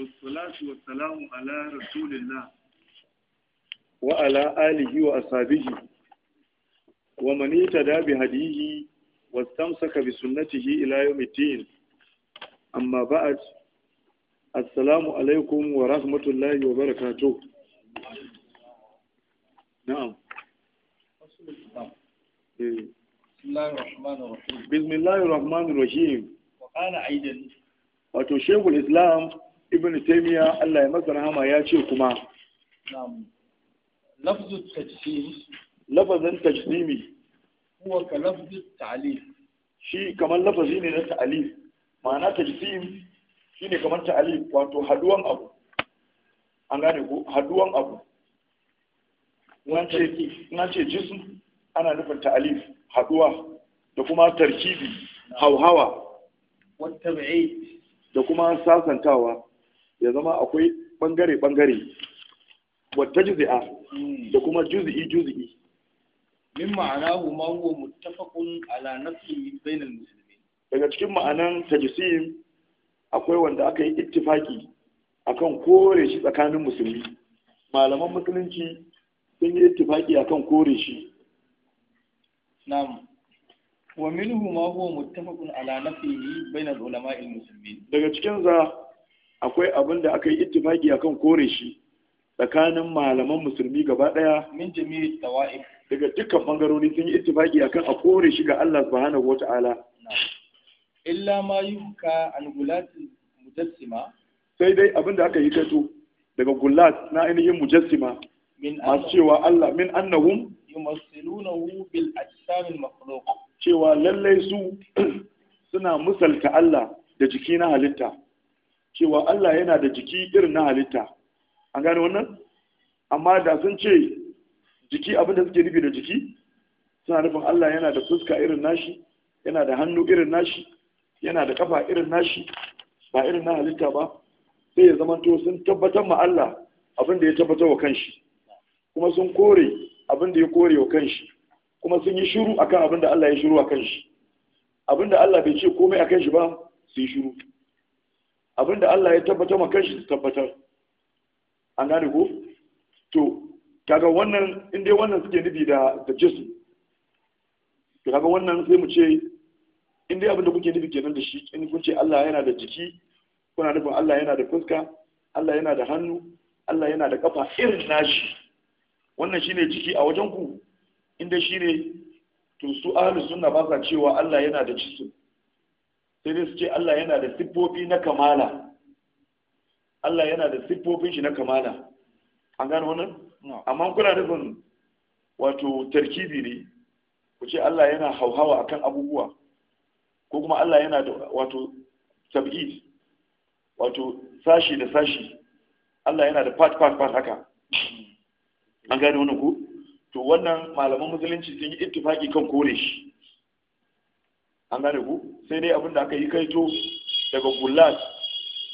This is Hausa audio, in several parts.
wasu wassalamu ala rasulillah wa ala alihi wa ashabihi wa man yatada bi hadihi tamsaka bi sunnatihi ila yawmiddin amma ba'd assalamu alaikum wa rahmatullahi wa barakatuh na'am bismillahir rahmanir rahim wa qala aidan wato shaykhul islam ibn taymiya Allah ya masa rahama ya ce kuma lafzu tajsim lafazin tajsimi huwa ka lafzu ta'lif shi kamar lafazi ne na ta'lif ma'ana tajsim ne kamar ta'lif wato haduwan abu an gane ko haduwan abu na ce jism ana nufin ta'alif haduwa da kuma tarkibi hauhawa da kuma sasantawa ya zama akwai bangare bangare wata juzi'a da kuma juzi'i-juzi'i. min ma'ana hu ma huwa muttafaqun ala nafsihi bainal muslimin daga cikin ma'anan tajsim akwai wanda aka yi ittifaki akan kore shi tsakanin musulmi malaman musulunci sun yi ittifaki akan kore shi na'am wa minhu ma huwa muttafaqun ala nafsihi bainal ulama'il muslimin daga cikin za akwai abin da aka yi ittifaki akan kore shi tsakanin malaman musulmi gaba daya min jami'i tawaif daga dukkan bangarori sun yi ittifaki akan a kore shi ga Allah subhanahu wata'ala illa ma yuka an gulati mujassima sai dai abin da aka yi kato daga gulat na ainihin mujassima masu cewa Allah min annahum yumassilunahu bil al makhluq cewa lallai su suna misalta Allah da jiki na halitta cewa Allah yana da jiki irin na halitta an gane wannan amma da sun ce jiki abinda suke nufi da jiki suna nufin Allah yana da fuska irin nashi yana da hannu irin nashi yana da kafa irin nashi ba irin na halitta ba sai ya zamanto sun tabbatar ma Allah abin da ya tabbatar wa kanshi kuma sun kore abin da ya kore wa kanshi kuma sun yi shiru akan abin da Allah ya shiru a kanshi abin da Allah bai ce komai a kanshi ba su yi shiru abinda Allah ya tabbatar ma kanshi tabbatar an gane ku to kaga wannan in dai wannan suke nufi da da jisu to kaga wannan sai mu ce in dai abinda kuke nufi kenan da shi in kun ce Allah yana da jiki kuna nufin Allah yana da fuska Allah yana da hannu Allah yana da kafa irin nashi wannan shine jiki a wajen ku in dai shine to su ahlus sunna ba sa cewa Allah yana da jism sai su ce Allah yana da siffofi na kamala Allah yana da siffofin shi na kamala an gano wannan amma kuna nufin wato tarkibi ne ku ce Allah yana hauhawa akan abubuwa ko kuma Allah yana da wato tab'id wato sashi da sashi Allah yana da part part part haka an gano wannan ku to wannan malaman musulunci sun yi ittifaki kan kore shi an gane ku sai dai abinda aka yi kaito daga gulat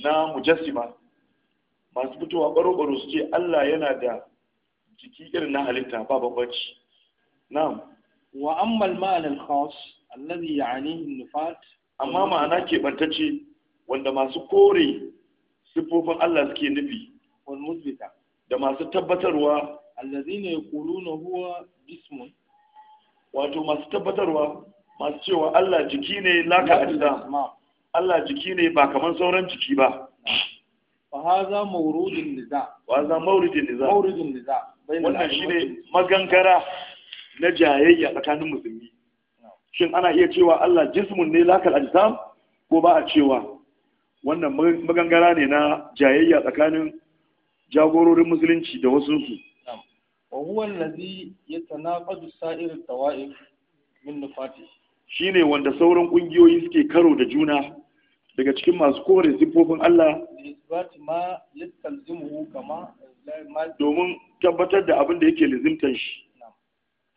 na mujassima masu fitowa baro-baro su ce Allah yana da jiki irin na halitta ba babbaci na'am wa ammal ma'anin khas allazi nufat amma ma'ana ke bantacce wanda masu kore siffofin Allah suke nufi wani musbita da masu tabbatarwa huwa jismun wato masu tabbatarwa masu cewa Allah jiki ne laka a Allah jiki ne ba kamar sauran jiki ba fa haza mawrudun niza wa haza mawrudun niza mawrudun niza wannan shine magangara na jayayya tsakanin musulmi shin ana iya cewa Allah jismun ne lakal ajzam ko ba a cewa wannan magangara ne na jayayya tsakanin jagororin musulunci da wasu su wa huwa allazi yatanaqadu sa'ir tawaif min nufati shine wanda sauran ƙungiyoyi suke karo da juna daga cikin masu kore siffofin Allah domin tabbatar da abin da yake lizimtan shi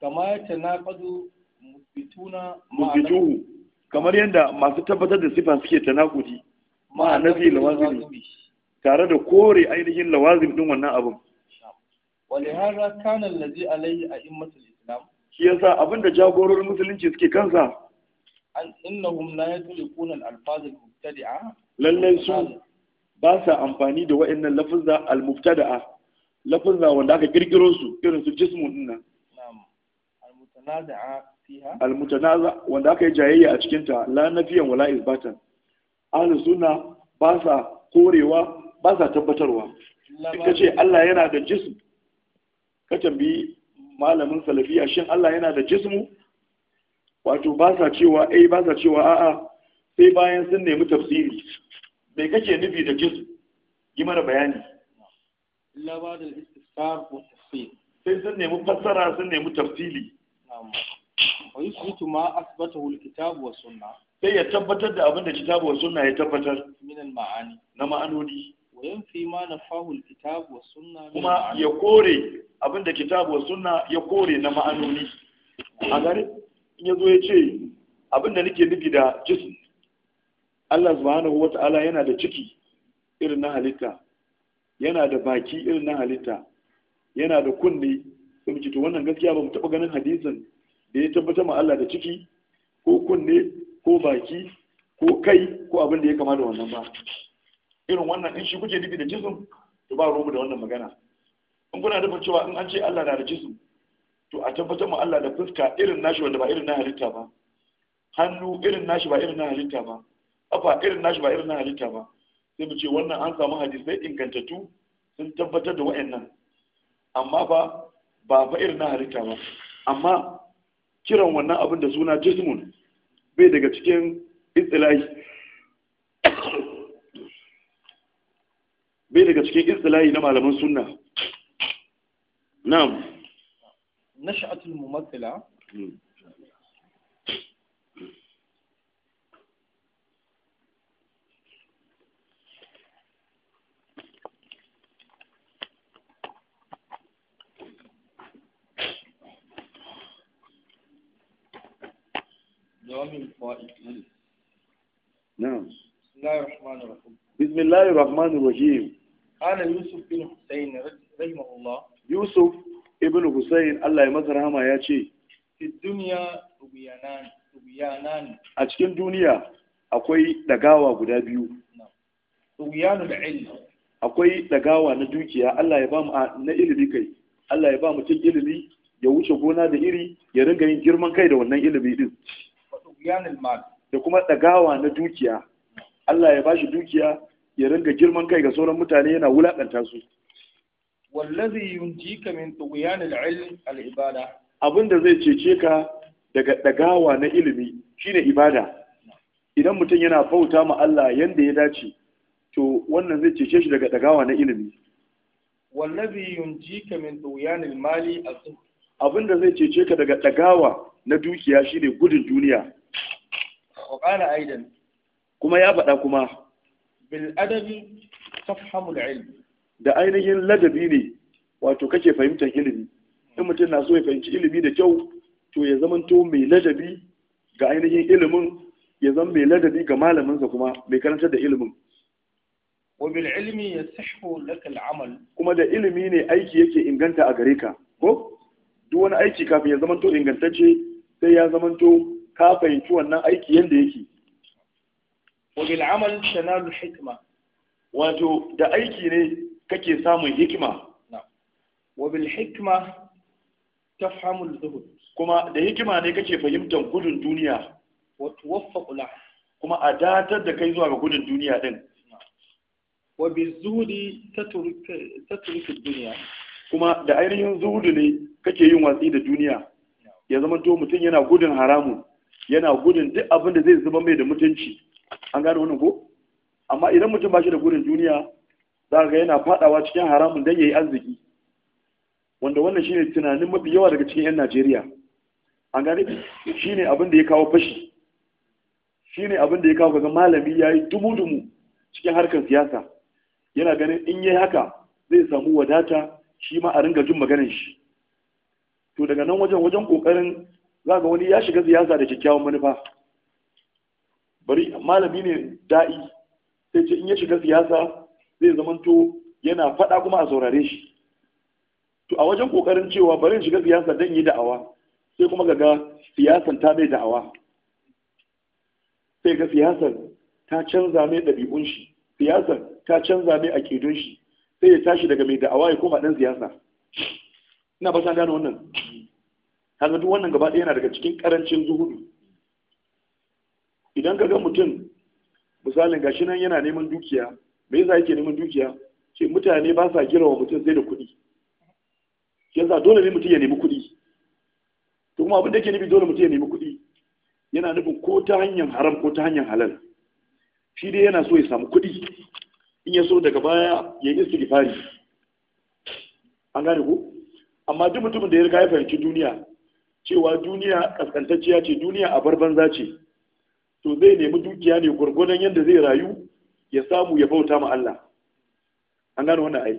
kamar yadda masu tabbatar da siffa suke tanakudi ma nafi lawazimi tare da kore ainihin lawazin din wannan abin walihara kana allazi alaihi a'immatul islam shi yasa da jagororin musulunci suke kansa an innahum la yatlikuna al-alfaz al-mubtadi'a lallai su ba sa amfani da wa'annan lafuzza al-mubtada'a lafuzza wanda aka kirkiro su irin su jismu din nan al-mutanazaa fiha al-mutanaza wanda aka yi jayayya a cikin ta la nafiyan wala isbatan ahlus sunna ba sa korewa ba sa tabbatarwa ka ce Allah yana da jism ka tambayi malamin salafiya shin Allah yana da jismu wato ba sa cewa a eh, ba sa cewa a'a sai bayan sun nemi tafsiri mai kake nufi da jisu yi mana bayani sai sun nemi fassara sun nemi tafsiri ويثبت ما أثبته الكتاب suna. sai ya tabbatar da abin da kitabu wa sunna ya tabbatar ma'ani na ma'anoni wa fi ma na alkitabu kuma ya kore abin da kitabu wa sunna ya kore na ma'anoni a gare in ya zo ya ce abinda nake nufi da jism Allah subhanahu wata'ala yana da ciki irin na halitta yana da baki irin na halitta yana da kunne sai muke to wannan gaskiya ba mu taɓa ganin hadisin da ya tabbatar ma Allah da ciki ko kunne ko baki ko kai ko abin da ya kama da wannan ba irin wannan in shi kuke nufi da jism to ba ruwa da wannan magana in kuna dafa cewa in an ce Allah na da jism to a tabbatar mu Allah da fuska irin nashi wanda ba irin na halitta ba hannu irin nashi ba irin na halitta ba kafa irin nashi ba irin na halitta ba sai mu ce wannan an samu hadisai ingantattu sun tabbatar da wa'annan amma ba ba fa irin na halitta ba amma kiran wannan abin da suna jismun bai daga cikin istilahi bai daga cikin istilahi na malaman sunna na'am نشأة الممثلة نعم بسم الله الرحمن الرحيم بسم الله الرحمن الرحيم قال يوسف بن حسين رحمه الله يوسف ibn Hussein Allah ya masa rahama ya ce a cikin duniya akwai dagawa guda biyu da akwai dagawa na dukiya Allah ya ba mu na ilimi kai Allah ya ba mu cin ilimi ya wuce gona da iri ya ringa yin girman kai da wannan ilimi din da kuma dagawa na dukiya Allah ya ba shi dukiya ya ringa girman kai ga sauran mutane yana wulakanta su wallazi yunjika min tughyan al-ilm al-ibada abinda zai cece ka daga dagawa na ilimi shine ibada idan mutum yana bauta ma Allah yanda ya dace to wannan zai cece shi daga dagawa na ilimi wallazi yunjika min tughyan al-mali abinda zai cece ka daga dagawa na dukiya shine gudun duniya wa qala aidan kuma ya faɗa kuma bil adabi tafhamu al-ilm da ainihin ladabi ne wato kake fahimtar ilimi in mutum na so ya fahimci ilimi da kyau to ya to mai ladabi ga ainihin ilimin ya zama mai ladabi ga malaminsa kuma mai karantar da ilimin wa bil ilmi yasihu laka al amal kuma da ilimi ne aiki yake inganta a gare ka ko duk wani aiki kafin ya to ingantacce sai ya to ka fahimci wannan aiki yanda yake wa bil amal tanalu hikma wato da aiki ne kake samun hikima wa bil hikma tafhamu zuhud kuma da hikima ne kake fahimtar gudun duniya wa tuwaffaqu la kuma a datar da kai zuwa ga gudun duniya din wa bi zuhudi tatruk duniya kuma da ainihin zuhudu ne kake yin watsi da duniya ya zama to mutum yana gudun haramu, yana gudun duk abin da zai zuba mai da mutunci an gane wannan ko amma idan mutum ba shi da gudun duniya za ga yana fadawa cikin haramun dan yayi arziki wanda wannan shine tunanin mafi yawa daga cikin 'yan Najeriya an gane shine abin da ya kawo fashi shine abin da ya kawo kaga malami yayi dumu-dumu cikin harkar siyasa yana ganin in yayi haka zai samu wadata shi ma a ringa jin maganar shi to daga nan wajen wajen kokarin za ga wani ya shiga siyasa da kyakkyawan manufa bari malami ne da'i sai ce in ya shiga siyasa zai zamanto yana faɗa kuma a saurare shi to a wajen kokarin cewa bari shiga siyasa dan yi da'awa sai kuma ga siyasan ta bai da'awa sai ga siyasar ta canza mai ɗabi'un shi siyasar ta canza mai aƙidun shi sai ya tashi daga mai da'awa ya koma ɗan siyasa ina ba san gano wannan kaga duk wannan gaba ɗaya yana daga cikin ƙarancin zuhudu idan ka ga mutum misalin gashi nan yana neman dukiya me yasa yake neman dukiya ce mutane ba sa girma mutum sai da kuɗi yasa dole ne mutum ya nemi kuɗi to kuma abin da yake nufi dole mutum ya nemi kuɗi yana nufin ko ta hanyar haram ko ta hanyar halal shi dai yana so ya samu kuɗi in ya so daga baya ya yi istighfari an gane ku amma duk mutumin da ya riga ya fahimci duniya cewa duniya kaskantacciya ce duniya a banza ce to zai nemi dukiya ne gwargwadon yadda zai rayu ya samu ya bauta ma Allah an gano wannan ai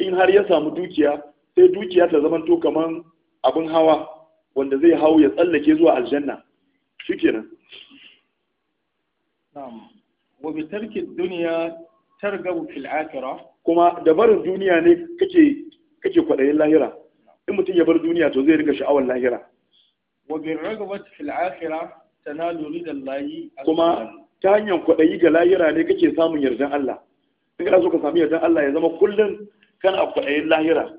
in har ya samu dukiya sai dukiya ta zama to kaman abin hawa wanda zai hau ya tsallake zuwa aljanna shikenan na'am wa bi tarki dunya targabu fil akhirah kuma da barin duniya ne kake kake kwadayin lahira in mutum ya bar duniya to zai rika sha'awar lahira wa bi ragabati fil akhirah tanalu ridallahi kuma ta hanyar kwaɗayi ga lahira ne kake samun yardan Allah in kana so ka sami yardan Allah ya zama kullum kana kwaɗayin lahira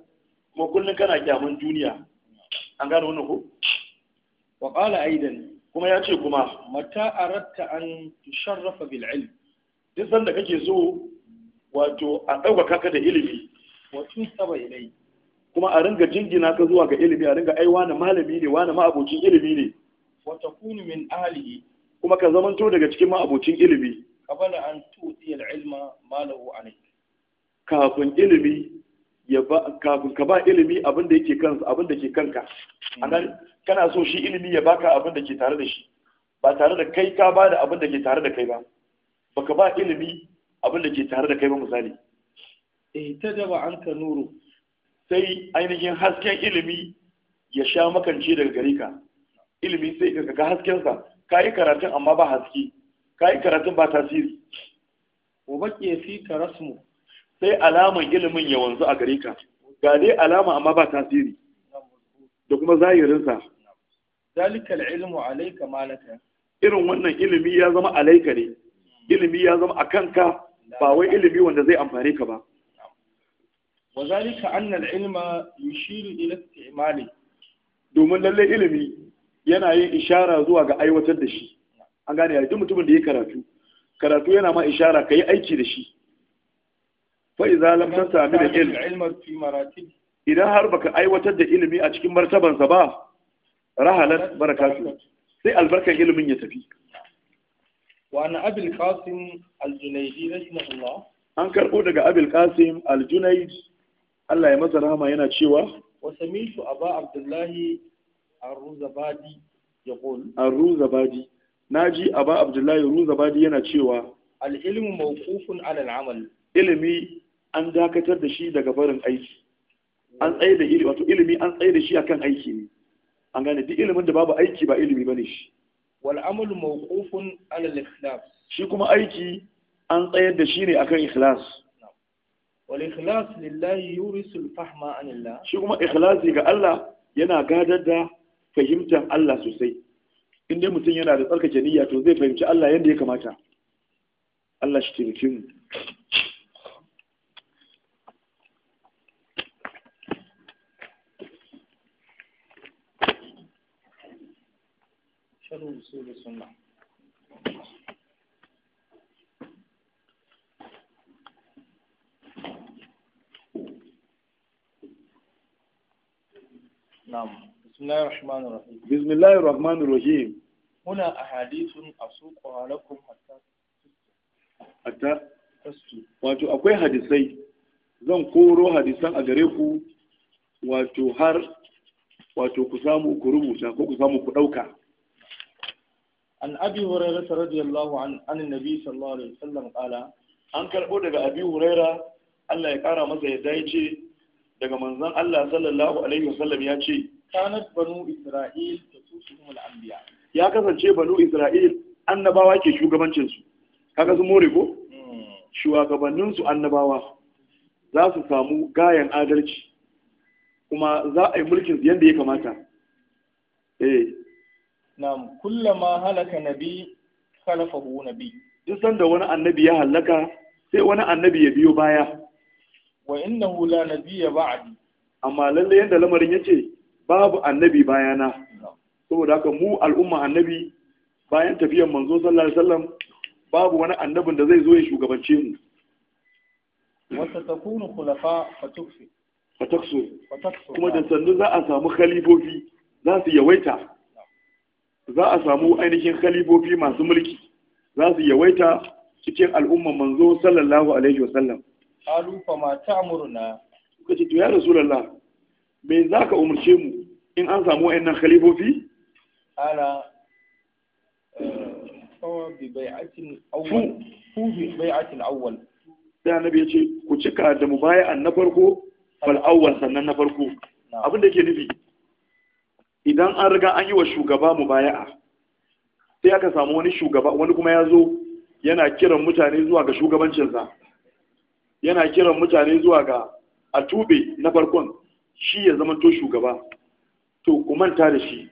kuma kullum kana kyaman duniya an gano wannan ko wa qala aidan kuma ya ce kuma mata aratta an tusharrafa bil ilm duk sanda kake so wato a ɗauka kaka da ilimi wato saba ilai kuma a ringa jingina ka zuwa ga ilimi a ringa ai wani malami ne wani ma'abocin ilimi ne wa takunu min ahlihi kuma ka zamanto daga cikin ma'abocin ilimi qabala an tu'ti al-ilma malahu lahu alayk kafin ilimi ya ba kafin ka ba ilimi abin da yake kansa abin da ke kanka anan hmm. kana so shi ilimi ya baka abin da ke tare da shi ba tare da kai ka ba da abin da ke tare da kai ba baka ba ilimi abin da ke tare da kai ba misali eh ta jaba an ka nuru sai ainihin hasken ilimi ya sha makance daga gare ka ilimi sai ka ga haskensa ka yi karatun amma ba haske ka yi karatun ba tasiri wa ke fi ka rasmu sai alamar ilimin ya wanzu a gare ka ga dai alama amma ba tasiri da kuma zahirinsa zalika ilmu alayka malaka irin wannan ilimi ya zama alaika ne ilimi ya zama akan ka ba wai ilimi wanda zai amfane ka ba wa zalika anna al-ilma yushiru ila istimali domin lalle ilimi yana yin ishara zuwa ga aiwatar da shi an gane ya duk mutumin da ya karatu karatu yana ma ishara ka yi aiki da shi fa idza lam sami da ilmi idan har baka aiwatar da ilimi a cikin martabansa ba rahalat barakatu sai albarkar ilimin ya tafi wa an abil qasim al-junaidi rahimahullah an karbo daga abil qasim al-junaid Allah ya masa rahama yana cewa wa sami'tu aba abdullahi Ar-Ruzabadi yaqul Ar-Ruzabadi naji Aba Abdullahi badi yana cewa al-ilmu al'amal. ilimi an dakatar da shi daga barin aiki an tsaye da ilimi wato ilimi an tsaye da shi akan aiki ne an gane duk ilimin da babu aiki ba ilimi ne. shi wal amalu mawqufun shi kuma aiki an tsayar da shi ne akan ikhlas wal lillahi yuri yurisul fahma anillah shi kuma ikhlasi ga Allah yana gadar da fahimtar Allah sosai in dai mutum yana da tsarkake niyya to zai fahimci Allah yadda ya kamata Allah shi taimake mu بسم الله الرحمن الرحيم هنا أحاديث أسوقها لكم حتى حتى wato akwai hadisai zan koro hadisan a gare ku wato har wato ku samu ku rubuta ko ku samu ku ɗauka an abi hurairah radiyallahu an an nabi sallallahu alaihi wasallam qala an karbo daga abi hurairah Allah ya kara masa yadda ya ce daga manzon Allah sallallahu alaihi wasallam ya ce kanat banu isra'il su ya kasance banu isra'il annabawa ke shugabancinsu. kaga sun more ko hmm. shugabannin annabawa za su samu gayan adalci kuma za a yi mulkin yadda ya kamata eh na'am kullama halaka nabi hu nabi duk sanda wani annabi ya halaka sai wani annabi ya biyo baya wa innahu la nabiyya ba'adi. amma lalle yadda lamarin ya ce. babu annabi bayana saboda haka mu al'umma annabi bayan tafiyar manzo sallallahu alaihi wasallam babu wani annabin da zai zo ya shugabance mu wata takunu khulafa fatuksu fatuksu kuma da sannu za a samu khalifofi za su yawaita za a samu ainihin khalifofi masu mulki za su yawaita cikin al'umma manzo sallallahu alaihi wasallam qalu fa ma ta'muruna kace to ya rasulullah me za ka umarce mu in an samu wa'annan khalifofi ala eh, fawa bi bai'atin awwal ku cika da mubaya'an na farko fal auwar sannan na farko abin da ke nufi idan an riga an yi wa shugaba mubaya'a sai aka samu wani shugaba wani kuma ya zo yana kiran mutane zuwa ga shugabancinsa yana kiran mutane zuwa ga a tube na farkon shi ya zama to shugaba to ku manta da shi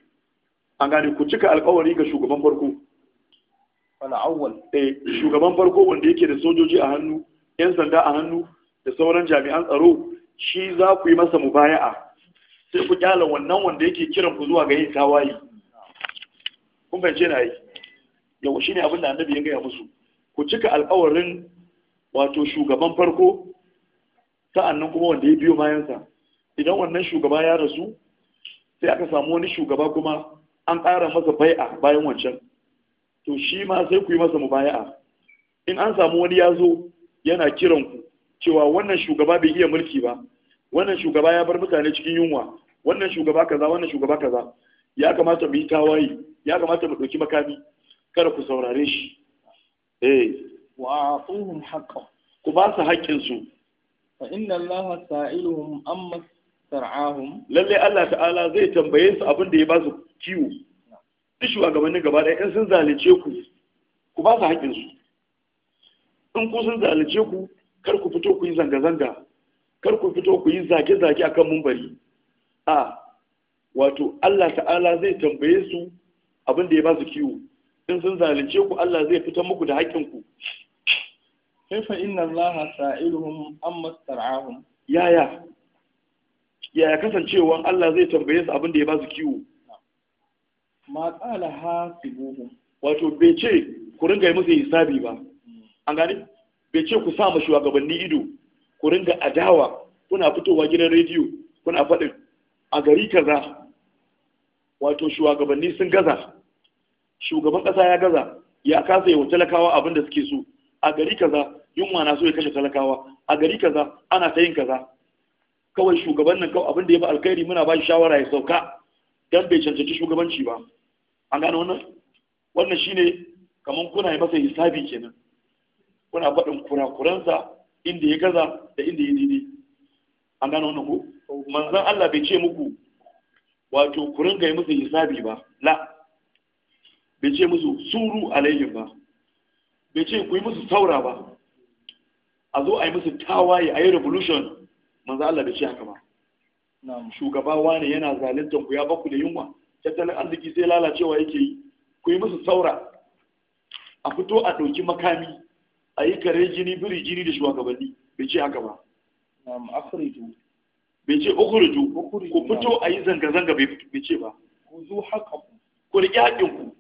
an gane ku cika alkawari ga shugaban farko wala awwal eh shugaban farko wanda yake da sojoji a hannu yan sanda a hannu da sauran jami'an tsaro shi za ku yi masa mubaya'a sai ku kyala wannan wanda yake kiran ku zuwa ga yin tawayi kun fahimce na yi Yau shine abin da annabi ya gaya musu ku cika alkawarin wato shugaban farko sa'annan kuma wanda ya biyo sa. idan wannan shugaba ya rasu sai aka samu wani shugaba kuma an ƙara masa bai'a bayan wancan to shi ma sai ku yi masa mubaya'a in an samu wani ya zo yana kiran ku cewa wannan shugaba bai iya mulki ba wannan shugaba ya bar mutane cikin yunwa wannan shugaba kaza wannan shugaba kaza ya kamata mu yi tawaye ya kamata mu ɗauki makami kada ku saurare shi eh wa atuhum haqqan ku ba su haƙƙin su fa inna allaha sa'iluhum amma sar'ahum lalle Allah ta'ala zai tambaye su abin da ya ba su kiwo duk shugabannin gaba ɗaya in sun zalice ku ku ba su haƙƙin su in ku sun zalice ku kar ku fito ku yi zanga-zanga kar ku fito ku yi zage-zage akan mumbari a wato Allah ta'ala zai tambaye su abin da ya ba su kiwo in sun zalunce ku Allah zai fitar muku da haƙƙin ku kaifa inna Allah sa'iluhum amma star'ahum yaya yaya kasancewan Allah zai tambaye su abin da ya ba su kiwo ma qala hasibuhum wato bai ce ku ringa yi musu hisabi ba an gani bai ce ku sa ma shugabanni ido ku ringa adawa kuna fitowa gidan rediyo kuna faɗin a gari kaza wato shugabanni sun gaza shugaban ƙasa ya gaza ya kasa yawan talakawa abin da suke so a gari kaza yunwa na so ya kashe talakawa a gari kaza ana ta yin kaza kawai shugaban nan kawai abin da ya ba alkhairi muna ba shi shawara ya sauka don bai cancanci shugabanci ba an gano wannan wannan shine kaman kuna yi masa hisabi kenan kuna faɗin kurakuransa inda ya gaza da inda ya daidai an gano wannan ko manzan Allah bai ce muku wato ku ringa yi musu hisabi ba la bai ce musu suru alaihim ba bai ce ku yi musu saura ba a zo a yi musu tawaye a yi revolution manzo Allah bai ce haka ba na'am shugaba wani yana zalunta ku ya baku da yunwa tattalin arziki sai lalacewa yake yi ku yi musu saura a fito a ɗauki makami a yi kare jini biri jini da shugabanni bai ce haka ba na'am afridu bai ce ukhruju ku fito a yi zanga zanga bai ce ba ku zo haka ku riƙe haƙƙin ku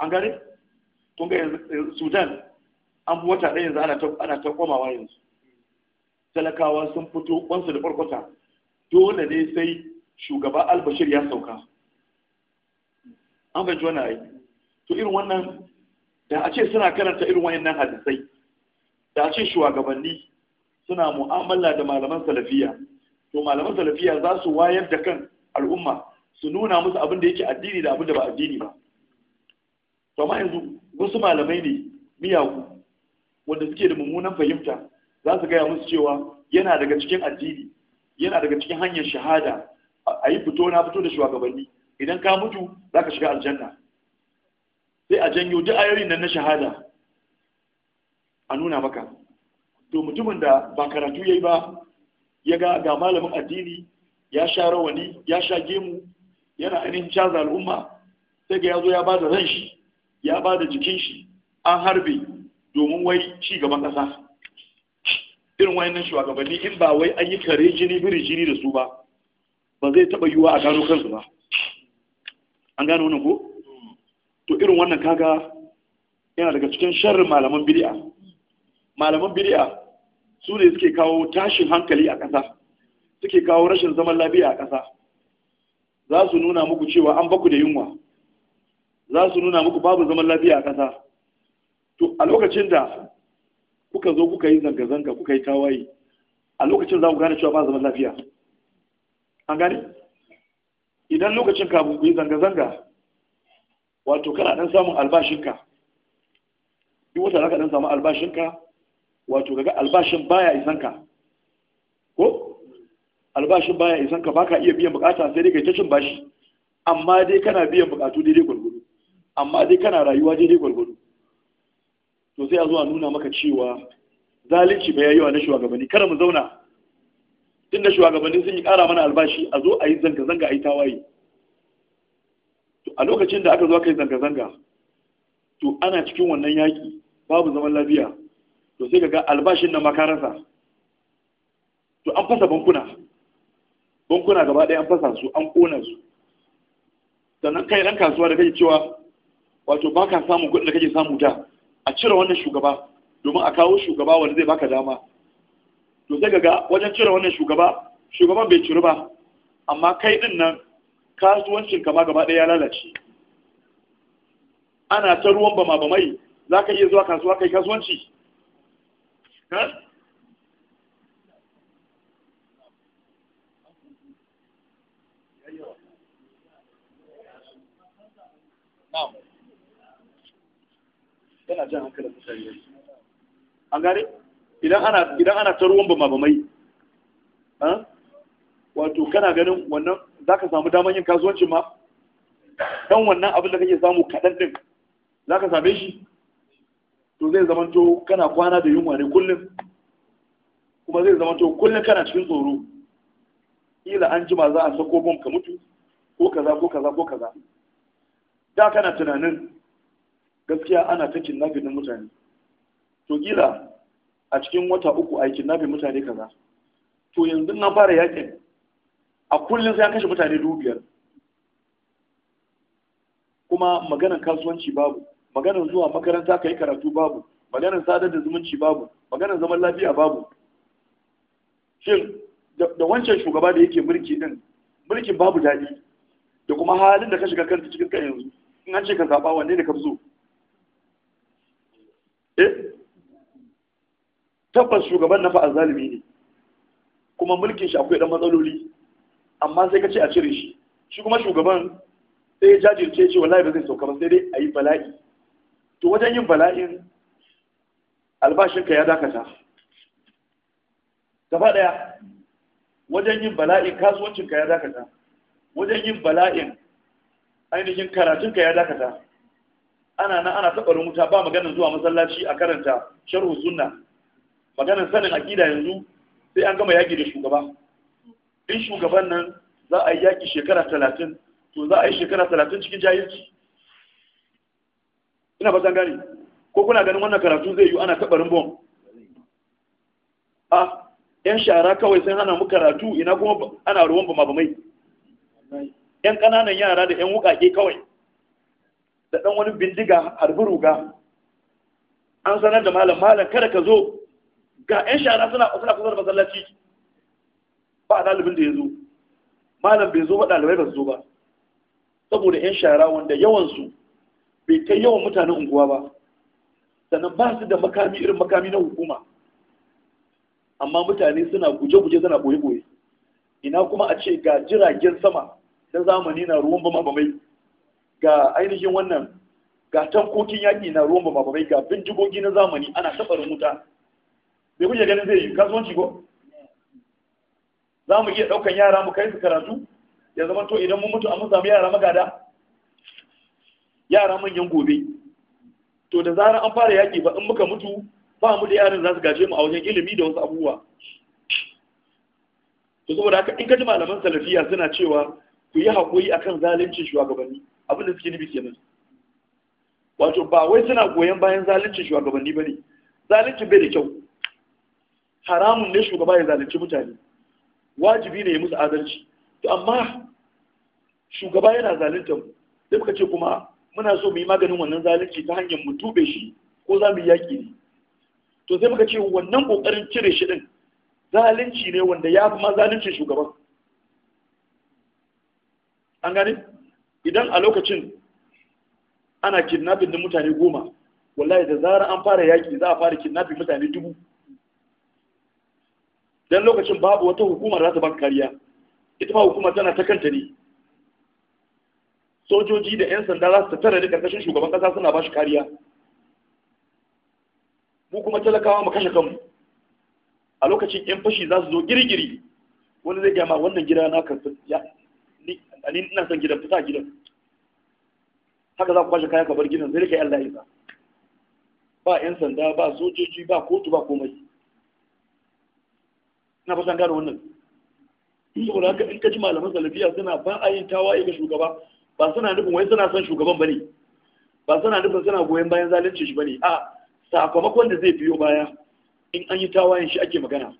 an gare kun ga Sudan an wata ɗaya yanzu ana ta komawa yanzu talakawa sun fito kwansu da farkwata dole ne sai shugaba albashir ya sauka an fahimci wannan ai to irin wannan da a ce suna karanta irin nan hadisai da a ce shugabanni suna mu'amala da malaman salafiya to malaman salafiya za su wayar da kan al'umma su nuna musu abin da yake addini da abin da ba addini ba to amma yanzu wasu malamai ne miyagu wanda suke da mummunan fahimta za su gaya musu cewa yana daga cikin addini yana daga cikin hanyar shahada a yi fito na fito da shugabanni idan ka mutu za ka shiga aljanna sai a janyo duk ayoyin nan na shahada a nuna maka to mutumin da ba karatu ya yi ba ya ga ga malamin addini ya sha rawani ya sha gemu yana ainihin caza al'umma sai ga ya zo ya ba da ran shi ya ba da jikin shi an harbe domin wai ci gaban ƙasa irin wayannan shugabanni in ba wai an yi kare jini biri jini da su ba ba zai taba yiwa a gano kansu ba an gano wannan ko to irin wannan kaga yana daga cikin sharrin malaman bid'a malaman bid'a su ne suke kawo tashin hankali a ƙasa suke kawo rashin zaman lafiya a ƙasa za su nuna muku cewa an baku da yunwa za su nuna muku babu zaman lafiya a ƙasa to a lokacin da kuka zo kuka yi zanga-zanga kuka yi tawaye a lokacin za ku gane cewa ba zaman lafiya an gane idan lokacin kafin ku yi zanga-zanga wato kana dan samun albashinka Yi wata za ka dan samu albashinka wato kaga albashin baya isan ka ko albashin baya isan ka baka iya biyan bukata sai dai kai ta cin bashi amma dai kana biyan bukatu daidai gwargwado amma dai kana rayuwa daidai gwargwado to sai a zuwa nuna maka cewa zalunci bai yi wa na shugabanni kada mu zauna tun da shugabanni sun yi ƙara mana albashi a zo a yi zanga-zanga a yi tawaye a lokacin da aka zo aka yi zanga-zanga to ana cikin wannan yaƙi babu zaman lafiya to sai ka ga albashin na makarasa to an fasa bankuna bankuna gaba ɗaya an fasa su an ƙona su sannan kai ɗan kasuwa da kake cewa wato ba ka samun kuɗin da kake samu da a cire wannan shugaba domin a kawo shugaba wanda zai baka dama to sai ga wajen cire wannan shugaba shugaban bai ciri ba amma kai din nan kasuwancin kama gaba ɗaya ya lalace ana ta ruwan bama bamai za ka iya zuwa kasuwa kai kasuwanci yana jan hankalin mutane an gane idan ana idan ana ta ruwan bama bamai ah, wato kana ganin wannan za ka samu daman yin kasuwanci ma Don wannan abin da kake samu kaɗan za ka same shi to zai zamanto kana kwana da yunwa ne kullum kuma zai zamanto kullum kana cikin tsoro ila an jima za a sako bom ka mutu ko kaza ko kaza ko kaza da kana tunanin gaskiya ana ta kidnapping din mutane to kila a cikin wata uku a kidnapping mutane kaza to yanzu na fara yakin a kullum sai an kashe mutane dubu biyar kuma maganar kasuwanci babu maganar zuwa makaranta ka yi karatu babu maganar sadar da zumunci babu maganar zaman lafiya babu shin da wancan shugaba da yake mulki din mulkin babu daɗi da kuma halin da ka shiga kanta cikin ka yanzu in an ce ka zaɓa wanne ne ka fi so Eh? tabbas shugaban na fa'a zalimi ne kuma mulkin shi akwai ɗan matsaloli amma sai ka ce a cire shi shi kuma shugaban sai ya jajirce ce wallahi ba zai saukar sai dai a yi bala'i to wajen yin bala'in albashinka ya dakata gaba ɗaya wajen yin bala'in kasuwancinka ya dakata wajen yin bala'in ainihin karatunka ya dakata ana nan ana taɓa wuta ba maganar zuwa masallaci a karanta sharhu sunna maganar sanin aƙida yanzu sai an gama yaƙi da shugaba in shugaban nan za a yi yaƙi shekara talatin to za a yi shekara talatin cikin jahilci ina ba gane ko kuna ganin wannan karatu zai yi ana taɓarin bom a yan shara kawai sun hana mu karatu ina kuma ana ruwan ba mai. yan ƙananan yara da yan wukake kawai da ɗan wani bindiga harbi ruga an sanar da malam malam kada ka zo ga 'yan shara suna suna kusa da masallaci ba ɗalibin da ya zo malam bai zo ba ɗalibai ba su zo ba saboda 'yan shara wanda yawansu bai kai yawan mutanen unguwa ba sannan ba su da makami irin makami na hukuma amma mutane suna guje-guje suna boye-boye ina kuma a ce ga jiragen sama na zamani na ruwan bama bamai ga ainihin wannan ga tankokin yaƙi na ruwan ba babai ga bindigogi na zamani ana taɓarin wuta bai kuke ganin zai yi kasuwanci ko za mu iya ɗaukan yara mu kai su karatu ya zama to idan mun mutu an mun samu yara magada yara manyan gobe to da zarar an fara yaƙi ba in muka mutu ba mu da yaran za su gaje mu a wajen ilimi da wasu abubuwa to saboda haka in ka ji malaman salafiya suna cewa ku yi haƙuri akan zaluncin shugabanni abin da suke nufi kenan wato ba wai suna goyon bayan zaluncin shugabanni ba ne zalunci bai da kyau haramun ne shugaba ya zalunci mutane wajibi ne ya musu adalci to amma shugaba yana zalunta mu sai muka ce kuma muna so mu yi maganin wannan zalunci ta hanyar mu tube shi ko za mu yi yaƙi ne to sai muka ce wannan ƙoƙarin cire shi ɗin zalunci ne wanda ya fi ma zaluncin shugaban an gane idan a lokacin ana kidnapping da mutane goma wallahi da zarar an fara yaƙi za a fara kidnapping mutane dubu dan lokacin babu wata hukumar za ta baka kariya ita ma hukuma tana ta kanta ne sojoji da 'yan sanda za su tattara da karkashin shugaban kasa suna ba shi kariya mu kuma talakawa mu kashe kanmu a lokacin 'yan fashi za su zo girgiri wani zai gyama wannan gida na karfi ni ina son gidan fita gidan haka za ku kwashe kaya ka bar gidan sai kai Allah isa ba yan sanda ba sojoji ba kotu ba komai ina fatan gano wannan saboda haka in ka ji malaman salafiya suna ba a yin tawaye ga shugaba ba suna nufin wai suna son shugaban ba ne? ba suna nufin suna goyon bayan zalunci shi ba ne. a sakamakon da zai biyo baya in an yi tawayen shi ake magana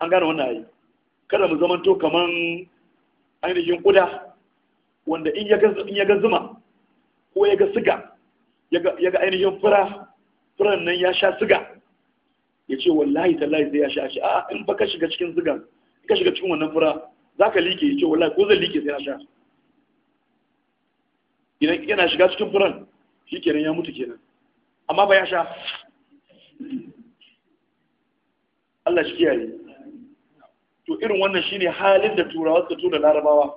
an gane wannan ayi kada mu zamanto kaman ainihin ƙuda wanda in ya ga zuma ko ya ga siga ya ga ainihin fura furan nan ya sha siga ya ce wallahi tallahi zai ya sha shi a in ba ka shiga cikin sigan ka shiga cikin wannan fura za ka like ya ce wallahi ko zai like sai ya sha idan yana shiga cikin furan shi kenan ya mutu kenan amma ba ya sha Allah shi kiyaye to irin wannan shine halin da turawa suka tura larabawa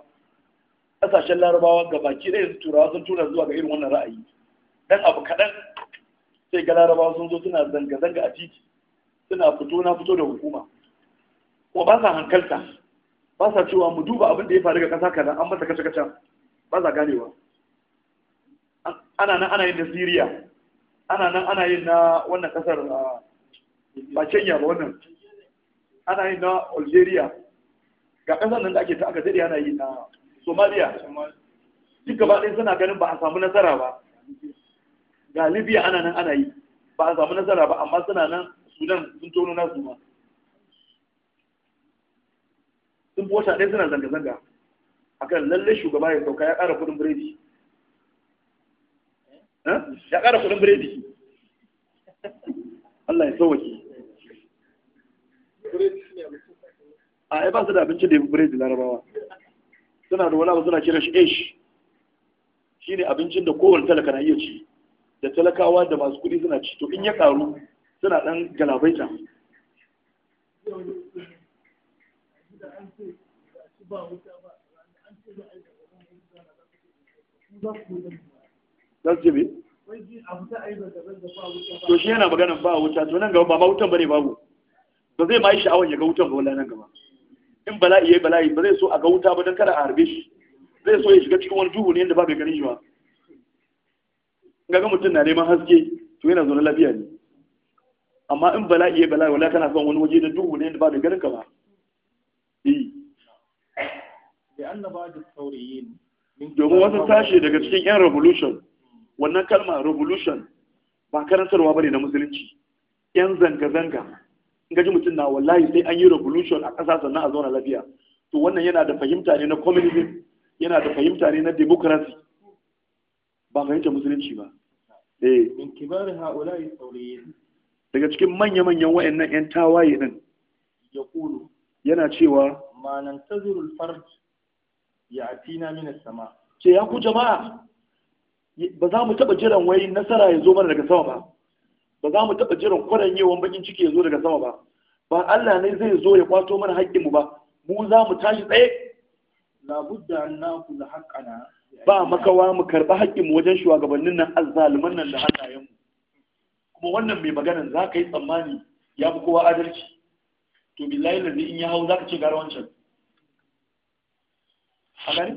kasashen larabawa ga baki ɗaya turawa sun tura zuwa ga irin wannan ra'ayi dan abu kaɗan sai ga larabawa sun zo suna zanga-zanga a titi suna fito na fito da hukuma kuma ba sa hankalta ba sa cewa mu duba abin da ya faru ga kasa kaza an masa kace kace ba sa ganewa ana nan ana yin na Siriya. ana nan ana yin na wannan kasar ah, ba Kenya ba wannan ana yin na algeria ga kasar nan da ake ta aka daɗe ana yi na somalia duk gaba ɗaya suna ganin ba a samu nasara ba ga libya ana nan ana yi ba a samu nasara ba amma suna nan sudan sun tono nasu ma sun fi wata ɗaya suna zanga-zanga a kan lalle shugaba ya sauka ya ƙara kuɗin biredi eh? ya ƙara kuɗin biredi Allah ya sauwake a ai ba su da abinci da ya fi biredi larabawa suna da wani abu suna kira shi ish shi ne abincin da kowane talaka na iya ci da talakawa da masu kuɗi suna ci to in ya ƙaru suna ɗan galabaita za su ce me? to shi yana maganin ba wuta to nan gaba ba ma wutan bane babu ba zai ma yi sha'awar ya ga wutan ba wani nan gaba in bala'i yayi bala'i ba zai so a ga wuta ba don kada a harbe shi zai so ya shiga cikin wani duhu ne da ba bai gani shi ba gaga mutum na neman haske to yana zo na lafiya ne amma in bala'i yayi bala'i wala kana son wani waje da duhu ne da ba bai gani ka ba eh. domin wasu tashi daga cikin yan revolution wannan kalma revolution ba karantarwa bane na musulunci yan zanga-zanga gaji mutum na wallahi sai an yi revolution a ƙasa sannan a zauna lafiya to wannan yana da fahimta ne na communism yana da fahimta ne na democracy ba fahimtar musulunci ba eh daga cikin manya-manyan wa'annan yan tawaye din ya kulu yana cewa manan tazirul farj ya atina mina sama ce ya ku jama'a ba za mu taba jiran wai nasara ya zo mana daga sama ba ba za mu taɓa jiran kwaran yawan bakin ciki ya zo daga sama ba ba Allah ne zai zo ya kwato mana haƙƙinmu ba mu za mu tashi tsaye labudda annahu la haqqana ba makawa mu karɓi haƙƙinmu wajen shugabannin nan azzaluman nan da hannayenmu kuma wannan mai maganan za ka yi tsammani ya fi kowa adalci to billahi lalle in ya hau za ka ce gara wancan a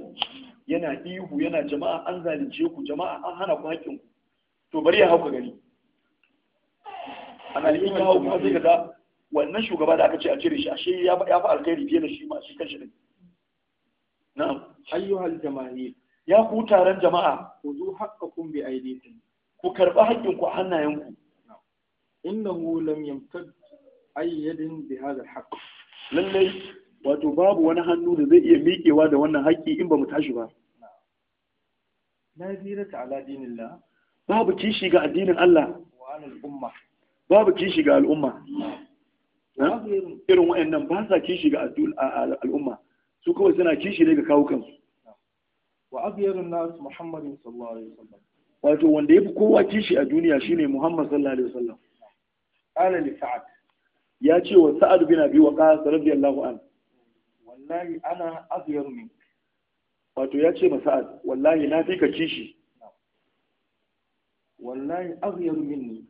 yana ihu yana jama'a an zalunce ku jama'a an hana ku haƙƙinku to bari ya hau ka gani ana yi hau kuma sai ga wannan shugaba da aka ce a cire shi ashe ya fa alkhairi fiye da shi ma shi kanshi din na'am ayyuhal jama'i ya ku taron jama'a ku zo haqqakum bi aydikum ku karba haƙƙin ku hannayenku innahu lam yamtad ayyadin bi hadha alhaqq lallai wato babu wani hannu da zai iya miƙewa da wannan haƙƙi in ba mu tashi ba Na la ta ala dinillah babu kishi ga addinin Allah wa al umma babu kishi ga al'umma irin wa'annan ba sa kishi ga al'umma su kawai suna kishi ne ga kawo wa abyarun nasu muhammadin sallallahu alaihi wasallam wato wanda ya fi kowa kishi a duniya shine muhammad sallallahu alaihi wasallam qala li sa'ad ya ce wa sa'ad bin abi waqas radiyallahu an wallahi ana abyaru min wato ya ce ma sa'ad wallahi na fi ka kishi wallahi abyaru minni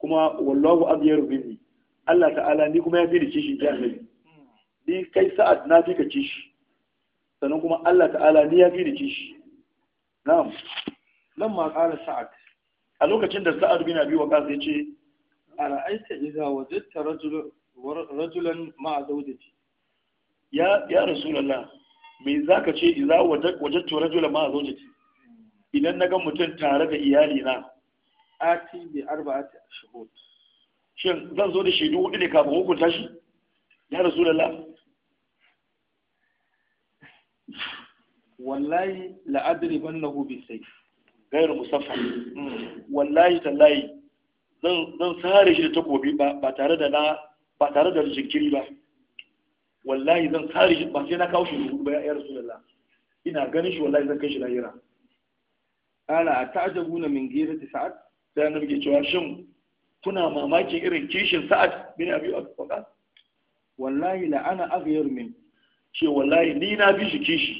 kuma wallahu abiyaru minni Allah ta'ala ni kuma ya fi da kishi ji ne. ni kai sa'ad na fi ka kishi sannan kuma Allah ta'ala ni ya fi da kishi na'am nan ma kara sa'ad a lokacin da sa'ad bin abi waqas ya ce ara'aita idza wajadta rajulan rajulan ma'a zawjati ya ya rasulullah me zaka ce idza wajadta rajulan ma'a zawjati hmm. idan naga mutum tare da iyali na ati bi arba'ati shuhud shin zan zo da shaidu hudu ne kafin hukunta shi ya rasulullah wallahi la adribannahu bi sayf gairu musaffa wallahi tallahi zan zan sare shi da takobi ba ba tare da na ba tare da jinkiri ba wallahi zan sare shi ba sai na kawo shi hudu ba ya rasulullah ina ganin shi wallahi zan kai shi lahira ala atajabuna min ghirati sa'ad. sai annabi ke cewa shin kuna mamakin irin kishin sa'ad bin abi waqas wallahi la ana aghyar min ce wallahi ni na bi shi kishi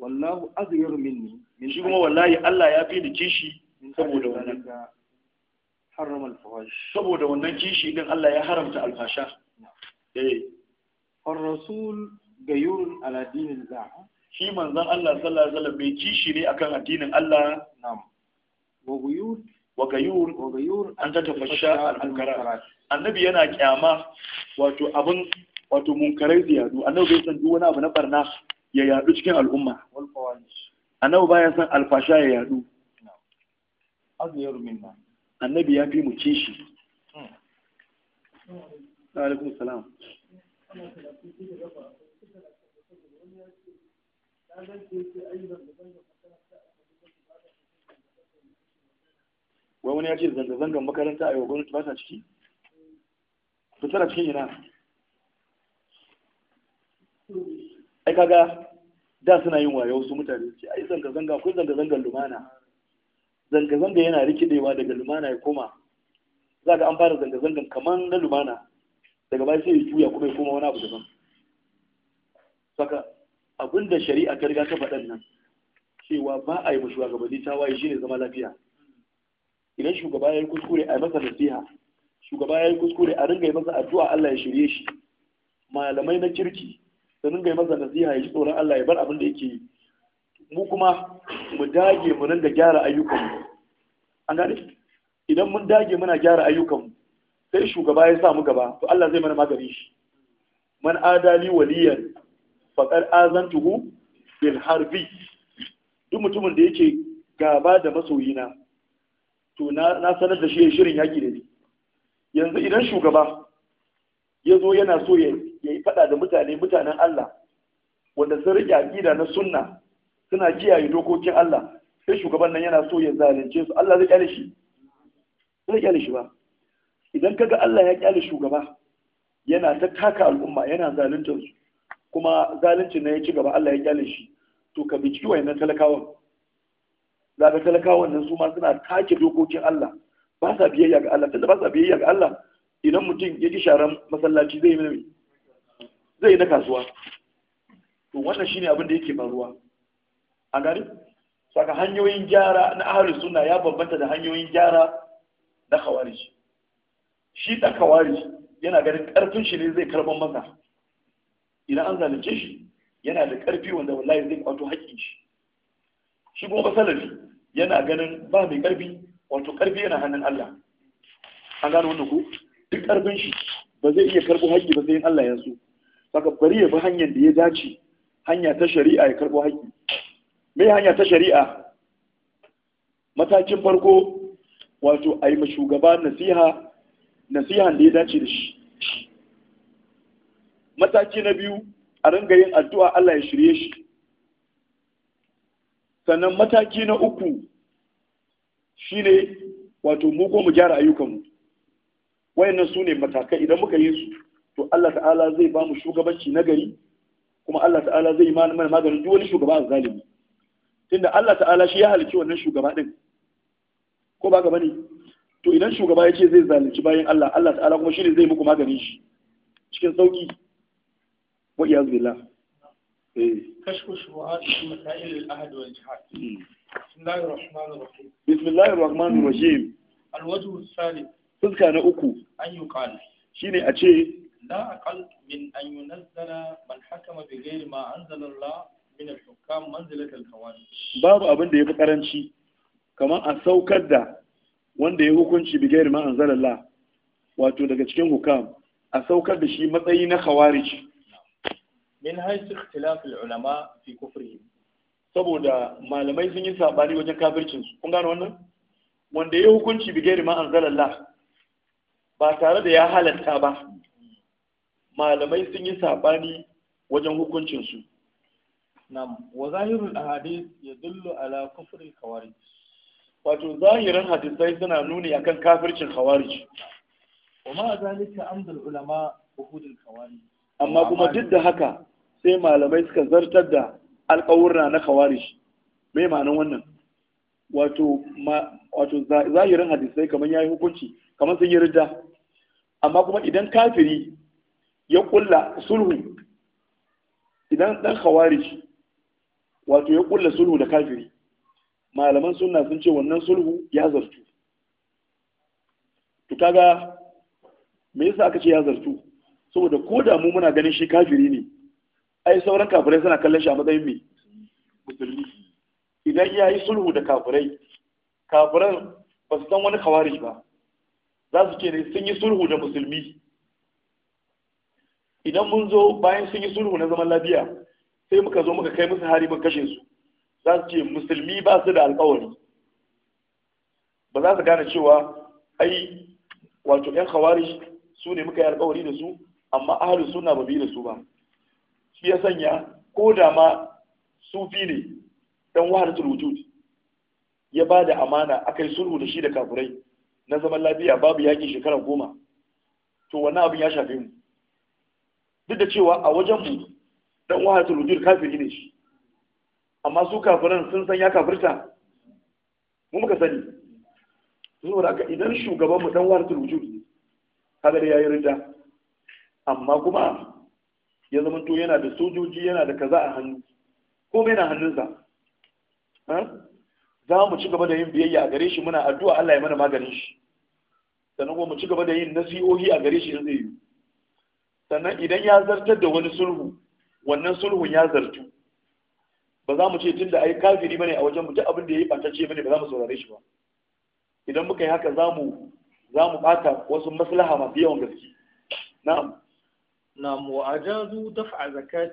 wallahu aghyar minni min shi kuma wallahi Allah ya fi ni kishi saboda wannan haram al fahsh saboda wannan kishi din Allah ya haramta alfasha eh ar-rasul gayur ala dinil shi manzon Allah sallallahu alaihi wasallam bai kishi ne akan addinin Allah na'am wa guyud wagayur an ta tafasha al'ankara annabi yana kyama wato abin wato munkarai da yadu annabi bai san duk wani abu na barna ya yadu cikin al'umma annabi baya san alfasha ya yadu annabi ya fi mu kishi alaikum salam Thank you. wai wani ya ce zanga-zangan makaranta a yau gwamnati ba sa ciki to tana cikin ina ai kaga da suna yin wayo su mutane ce ai zanga-zanga akwai zanga-zangan lumana zanga-zanga yana rikidewa daga lumana ya koma za ga an fara zanga-zangan kamar na lumana daga baya sai ya juya kuma ya koma wani abu daban saka abinda shari'a ta riga ta faɗan nan cewa ba a yi mu shugabanni ta waye shine zama lafiya idan shugaba ya yi kuskure a masa nasiha shugaba ya yi kuskure a ringa yi masa addu'a Allah ya shirye shi malamai na kirki su ringa yi masa nasiha ya ji tsoron Allah ya bar abin da yake yi mu kuma mu dage mu ringa gyara ayyukanmu an gane idan mun dage muna gyara ayyukanmu sai shugaba ya sa mu gaba to Allah zai mana magani shi man adali waliyan faqad azantuhu bil harbi duk mutumin da yake gaba da masoyina to na sanar da shi ya shirin yaƙi da yanzu idan shugaba ya zo yana so ya yi faɗa da mutane mutanen Allah wanda sun riƙe aƙida na sunna suna kiyaye dokokin Allah sai shugaban nan yana so ya zalunce su Allah zai kyale shi zai kyale shi ba idan kaga Allah ya kyale shugaba yana ta taka al'umma yana zaluntar su kuma zaluncin nan ya ci gaba Allah ya kyale shi to ka biki na talakawa za ga wannan su ma suna take dokokin Allah ba sa biyayya ga Allah tunda ba sa biyayya ga Allah idan mutum ya ji sharan masallaci zai yi zai na kasuwa to wannan shine abin da yake faruwa a gari saka hanyoyin gyara na ahli sunna ya bambanta da hanyoyin gyara na khawarij shi da khawarij yana ganin karfin shi ne zai karban maza. idan an zalunce shi yana da karfi wanda wallahi zai kwato haƙƙin shi shi kuma salafi yana ganin ba mai karfi wato karfi yana hannun Allah an gano wannan ku duk karfin shi ba zai iya karbo haƙƙi ba sai in Allah ya so saka bari ya bi hanyar da ya dace hanya ta shari'a ya karbo haƙƙi me hanya ta shari'a matakin farko wato a yi ma shugaba nasiha nasihan da ya dace da shi mataki na biyu a ringa yin addu'a Allah ya shirye shi sannan mataki na uku shine wato mu ko mu gyara ayyukanmu wayannan su ne matakai idan muka yi su to Allah ta'ala zai ba mu shugabanci na gari kuma Allah ta'ala zai mana mana maganin duk wani shugaba a zalimi tunda Allah ta'ala shi ya halice wannan shugaba din ko ba gaba ne to idan shugaba ya ce zai zalunci bayan Allah Allah ta'ala kuma shi ne zai muku maganin shi cikin sauki wa iyaz billah كشف الشبهات في مسائل العهد والجهاد بسم الله الرحمن الرحيم بسم الله الرحمن الرحيم الوجه الثالث فذكر أكو أن يقال شيني أشي لا أقل من أن ينزل من حكم بغير ما أنزل الله من الحكام منزلة الخوارج باب أبن دي بقرنشي كما أسو كدا وان دي hukunci bigayar ma anzalallah wato daga cikin hukam a saukar da shi matsayi na khawarij min haisu ikhtilafil ulama fi kufrihim saboda malamai sun yi sabani wajen kafircin su kun gane wannan wanda ya hukunci bi gairi ma anzalallah ba tare da ya halatta ba malamai sun yi sabani wajen hukuncin su nam wa zahirul ahadith yadullu ala kufri khawarij wato zahirin hadisai suna nuni akan kafircin khawarij wa ma zalika amdul ulama uhudul khawarij amma kuma duk da haka sai malamai suka zartar da alƙawurra na kawarish mai ma'anin wannan wato wato zahirin hadisai kamar yayi hukunci kamar sun yi ridda amma kuma idan kafiri ya kulla sulhu idan dan kawarish wato ya kulla sulhu da kafiri malaman sunna sun ce wannan sulhu ya zartu to kaga me yasa aka ce ya zartu saboda ko da mu muna ganin shi kafiri ne ai sauran kafirai suna kallon shi a matsayin mai musulmi idan ya yi sulhu da kafirai kafiran ba su san wani kawari ba za su ce ne sun yi sulhu da musulmi idan mun zo bayan sun yi sulhu na zaman lafiya sai muka zo muka kai musu hari mun kashe su za su ce musulmi ba su da alkawari ba za su gane cewa ai wato 'yan kawari su ne muka yi alkawari da su amma ahalu suna ba da su ba shi ya sanya ko da ma sufi ne dan wahadatul wujud ya ba da amana yi sulhu da shi da kafurai na zaman lafiya babu yaƙi shekara goma to wannan abin ya shafe mu duk da cewa a wajen mu dan wahadatul wujud kafiri ne shi amma su kafiran sun san ya kafirta mu muka sani saboda idan shugaban mu dan wahadatul wujud ne kaga da yayi amma kuma ya zama to yana da sojoji yana da kaza a hannu komai na hannunsa za mu ci gaba da yin biyayya a gare shi muna addu'a Allah ya mana maganin shi sannan kuma mu ci gaba da yin nasihohi a gare shi zai yi sannan idan ya zartar da wani sulhu wannan sulhun ya zartu ba za mu ce tun da ai kafiri bane a wajen mutum abin da ya yi bane ba za mu saurare shi ba idan muka yi haka za mu za mu ɓata wasu maslaha masu yawan gaske na'am نعم وأجازوا dafa a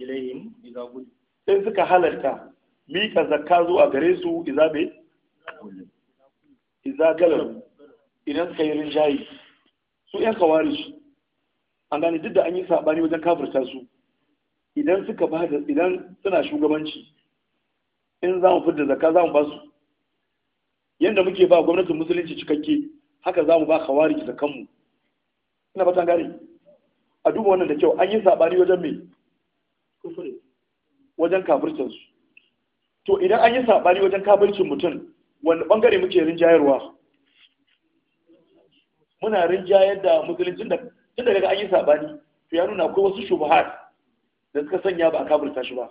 إليهم إذا غلب sai suka halarta mika zakka zuwa gare su izabe? Izagalar, idan suka yi rinjayi su yan kawarish an gane duk da an yi sabani wajen kafirta su idan suka ba da idan suna shugabanci in za mu fidda zakka za mu ba su yanda muke ba gwamnatin musulunci cikakke haka za mu ba kawari zakkanmu. kanmu ina fatan gane a duba wannan da kyau an yi sabani wajen mai wajen kafircinsu to idan an yi sabani wajen kafircin mutum wanda bangare muke rinjayarwa muna rinjayar da musulunci da tun daga an yi sabani to ya nuna akwai wasu shubuhat da suka sanya ba a kafirta shi ba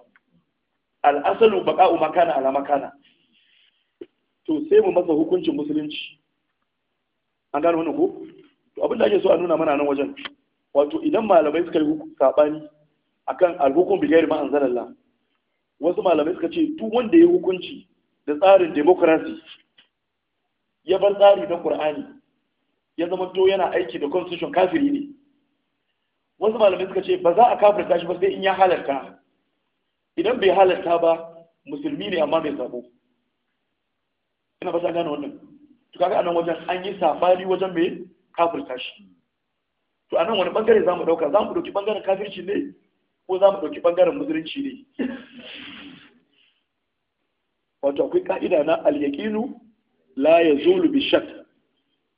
al'asalu baka makana ala makana to sai mu masa hukuncin musulunci an gano wannan ko to abin da ake so a nuna mana nan wajen wato idan malamai suka yi sabani akan alhukum bi ghairi ma anzalallah wasu malamai suka ce duk wanda ya hukunci da tsarin demokrasi ya bar tsari na Qur'ani ya zama to yana aiki da constitution kafiri ne wasu malamai suka ce ba za a kafirta shi ba sai in ya halarta idan bai halarta ba musulmi ne amma bai sabo ina ba sa gane wannan to kaga anan wajen an yi sabani wajen mai kafirta shi to anan wani bangare za mu dauka za mu dauki bangaren kafirci ne ko za mu dauki bangaren musulunci ne wato akwai ka'ida na al-yaqinu la yazulu bi shakk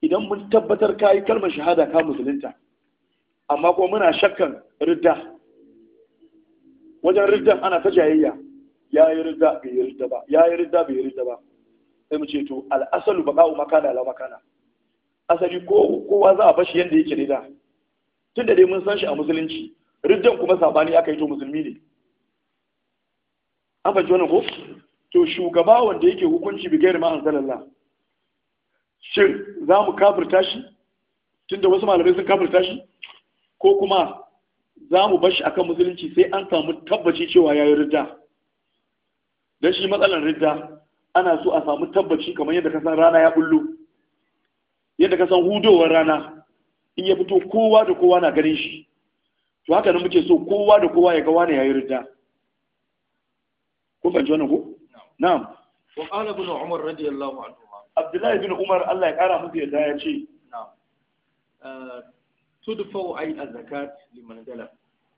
idan mun tabbatar kai kalmar shahada ka musulunta amma ko muna shakkan ridda wajen riddan ana ta jayayya ya yi ridda bai yi ridda ba yayi ridda bi ridda ba sai mu ce to al'asalu baqa'u makana la makana asali ko kowa za a bashi yanda yake ne da tun da dai mun san shi a musulunci riddan kuma sabani aka yi to musulmi ne an fahimci wannan ko to shugaba wanda yake hukunci bi gairi ma'an sallallah shin za mu kafirta shi tunda wasu malamai sun kafirta shi ko kuma za mu bashi akan musulunci sai an samu tabbaci cewa ya yi ridda don shi matsalar ridda ana so a samu tabbaci kamar yadda ka san rana ya bullo yadda ka san hudowar rana in ya fito kowa da kowa na ganin shi to haka nan muke so kowa da kowa ya ga wani yayi ridda ko ji wannan ko na'am wa qala ibn umar radiyallahu anhu abdullahi ibn umar Allah ya kara musu yadda ya ce na'am uh, tudfau ay az-zakat liman dala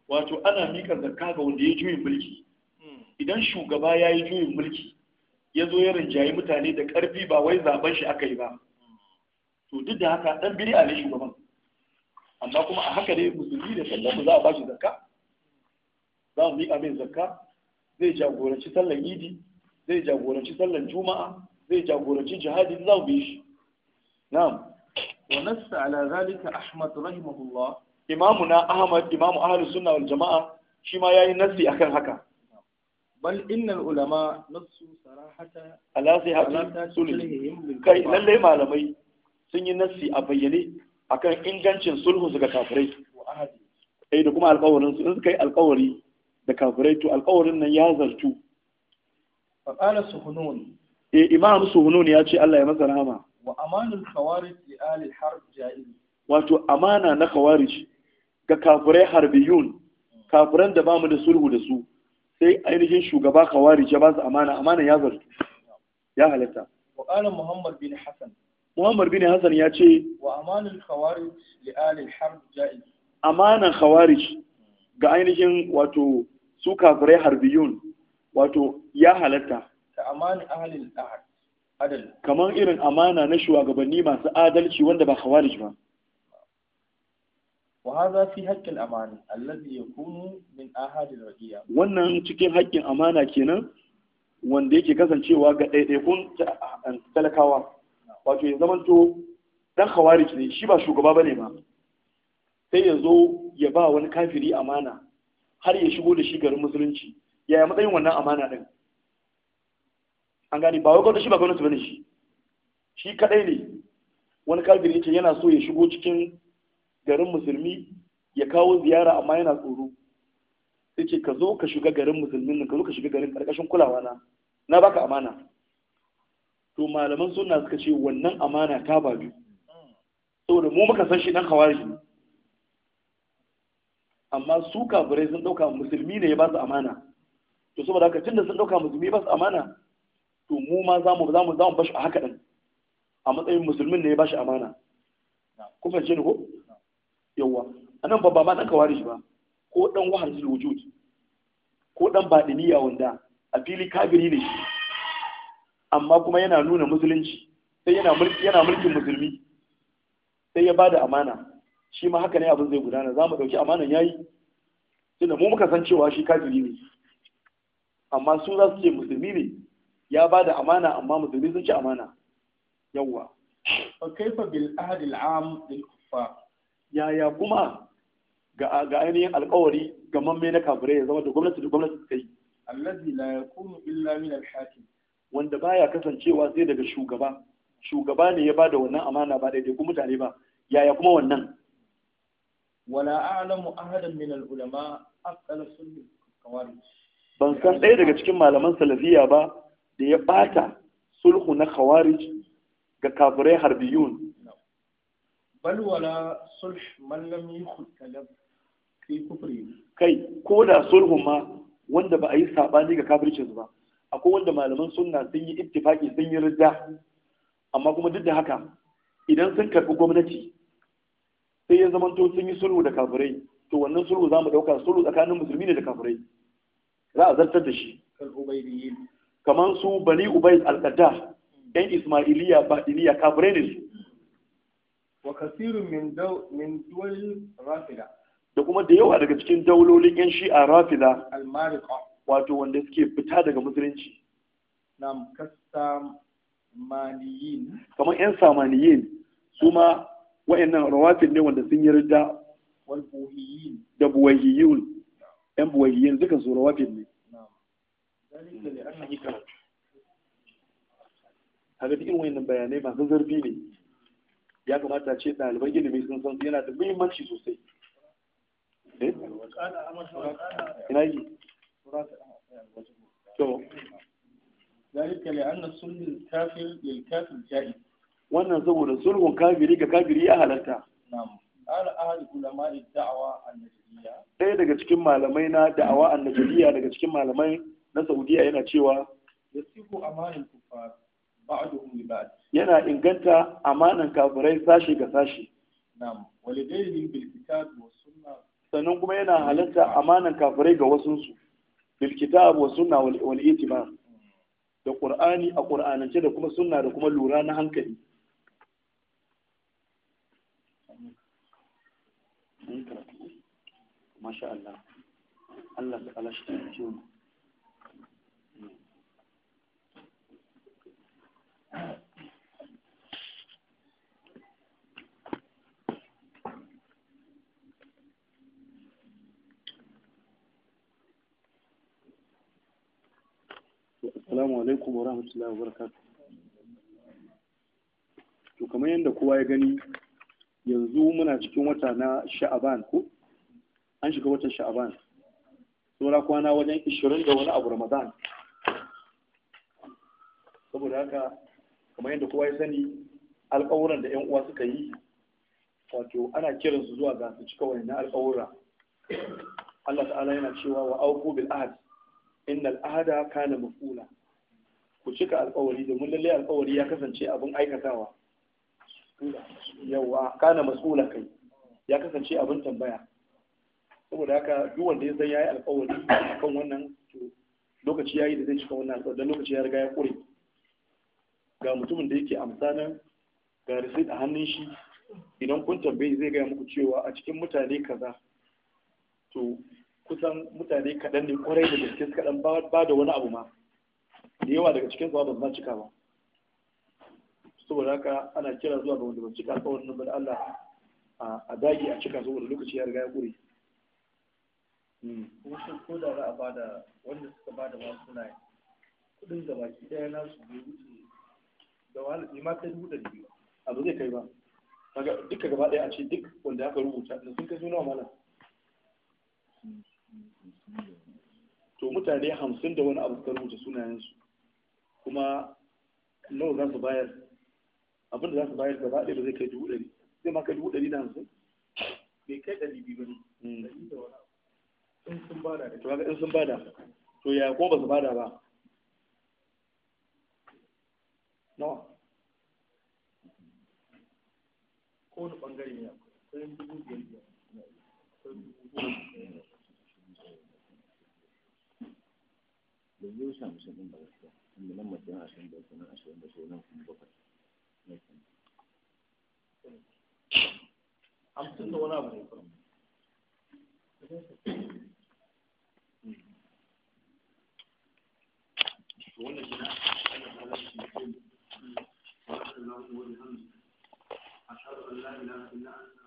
wato ana mika zakka ga wanda ya juyin mulki hmm. idan shugaba ya yi juyin mulki ya zo ya rinjayi mutane da ƙarfi ba wai zaben shi aka yi ba hmm. to duk da haka ɗan biri ne shugaba amma kuma a haka dai musulmi da sallan za a bashi zakka za mu miƙa mai zakka zai jagoranci sallan idi zai jagoranci sallan juma'a zai jagoranci jihadi za mu bi shi na'am wa nassa ala zalika ahmad rahimahullah imamuna ahmad imamu ahlus sunna wal jama'a shi ma yayi nassi akan haka bal innal ulama nassu sarahata ala sihati sulhi kai lalle malamai sun yi nassi a bayyane akan ingancin sulhu daga ga kafirai sai eh, da kuma alƙawarin su in suka yi alƙawari da kafirai to alƙawarin nan ya zartu fa qala suhunun eh imam suhunun ya ce Allah ya masa rahama wa amanul khawarij li ahli harb jaiz wato amana na khawarij ga kafirai harbiyun kafiran da bamu da sulhu da su sai ainihin shugaba khawarij ya ba su amana amana ya zartu ya halatta wa qala muhammad bin hasan Muhammad bin Hassan ya ce wa amanul khawarij li ahli harb ja'iz amanan khawarij ga ainihin wato su kafirai harbiyun wato ya halatta ta amani ahli adal kamar irin amana na shugabanni masu adalci wanda ba khawarij ba وهذا في amani, الأمانة الذي يكون من أحد الرقية wannan cikin haƙƙin amana kenan wanda yake kasancewa ga ɗaiɗaikun talakawa wato ya zamanto dan khawarij ne shi ba shugaba bane ba sai ya zo ya ba wani kafiri amana har ya shigo da shi garin musulunci yaya matsayin wannan amana din an gane ba wai gwamnati shi ba gwamnati bane shi shi kadai ne wani kafiri ce yana so ya shigo cikin garin musulmi ya kawo ziyara amma yana tsoro ce ka zo ka shiga garin musulmin ka zo ka shiga garin karkashin kulawa na na baka amana to malaman sunna suka ce wannan amana ta biyu saboda mu muka san shi dan khawarij amma su kafirai sun dauka musulmi ne ya ba su amana to saboda haka tunda sun dauka musulmi ba su amana to mu ma za mu za mu za mu bashi a haka din a matsayin musulmin ne ya bashi amana ku ce ni ko yawa anan babba ma dan kawari ba ko dan wahal wujud ko dan badiniya wanda a fili kabiri ne shi amma kuma yana nuna musulunci sai yana mulkin musulmi sai ya bada amana shi ma haka ne abin zai gudana za mu ɗauki amanan yayi tunda mu muka san cewa shi kafiri ne amma su za su ce musulmi ne ya bada amana amma musulmi sun ci amana yawwa fa kaifa bil ahdi am lil kuffar yaya kuma ga ga ainihin alƙawari ga mamme na kafirai ya zama da gwamnati da gwamnati ta yi allazi la yakunu illa min al-hakim wanda baya kasancewa sai daga shugaba shugaba ne ya ba da wannan amana ba daidai kuma mutane ba yaya kuma wannan wala a'lamu ahadan min al-ulama aqal sunni khawarij ban san ɗaya daga cikin malaman salafiya ba da ya bata sulhu na khawarij ga kafirai harbiyun bal wala sulh man lam yukhul kalam fi kufri kai ko da sulhu ma wanda ba a yi sabani ga kafircin ba akwai wanda malaman sunna sun yi ittifaki sun yi rida amma kuma duk da haka idan sun karbi gwamnati sai ya zamanto sun yi sulhu da kafirai to wannan sulhu za mu ɗauka sulhu tsakanin musulmi ne da kafirai za a zartar da shi kamar su bani ubayd al-qadda yan hmm. ismailiya badiliya kafirai ne su wa kasirun min daw min rafida da kuma da yawa daga cikin daulolin yan shi'a rafida al-mariqa wato wanda suke fita daga musulunci nam kasamaniyin kamar yan samaniyin su ma wa'annan rawatib ne wanda sun yi rida. wal da buwahiyun yan buwahiyin dukan su rawatib ne kaga duk irin wayannan bayanai masu zarfi ne ya kamata ce ɗaliban ilimi sun san yana da muhimmanci sosai eh? ina yi ذلك لأن صلح الكافر للكافر جائز wannan saboda sulhun kafiri ga kafiri ya halarta na'am قال علماء الدعوة النجدية ɗaya daga cikin malamai na da'awa Najeriya daga cikin malamai na saudiya yana cewa yana inganta amanan kafirai sashi ga sashi na'am sannan kuma yana halarta amanan kafirai ga wasunsu bil kitab wa sunna wal itima. da qur'ani a qur'anance da kuma sunna da kuma lura na hankali masha Assalamu alaikum wa rahmatullahi wa barakatuh. To kamar yadda kowa ya gani yanzu muna cikin wata na sha'aban ko? An shiga watan sha'aban. Saura kwana wajen ishirin da wani abu Ramadan. Saboda haka kamar yadda kowa ya sani alƙawuran da 'yan uwa suka yi wato ana kiransu zuwa ga su cika wani na alƙawura. Allah ta'ala yana cewa wa auku bil ahad innal ahada kana mafula ku cika alkawari domin lalle alkawari ya kasance abin aikatawa yawa kana mas'ula kai ya kasance abin tambaya saboda haka duk wanda ya san yayi alkawari kan wannan lokaci yayi da zai cika wannan alkawari dan lokaci ya riga ya kure ga mutumin da yake amsanan ga receipt a hannun shi idan kun tambaye zai gaya muku cewa a cikin mutane kaza to kusan mutane kaɗan ne kwarai da gaske suka ɗan ba da wani abu ma da yawa daga cikin zuwa ba cika ba saboda haka ana kira zuwa ga wanda ba cika alƙawarin nan ba Allah a dagi a cika saboda lokaci ya riga ya ƙure hmm. kuma shi ko da za a bada wanda suka bada ba suna kudin da baki daya na su bai wuce da wahala ima ta dubu da biyu abu zai kai ba kaga duka gaba daya a ce duk wanda aka rubuta da sun kai suna mana hmm. to mutane hamsin da wani abu suka rubuta sunayensu kuma nawa za su bayar abin da za su bayar gaba ɗaya ba zai kai dubu ɗari zai ma kai dubu ɗari da hamsin bai kai ɗari biyu ba ne hmm. in sun bada to in sun bada to ya ko ba su bada ba nawa ko wani bangare ne akwai dubu biyar biyar yanzu dubu biyar. nan mutum ashirin da uku ashirin da uku kuma bakwai hamsin da wani abu ne kuma wannan shi na ana halarci mutum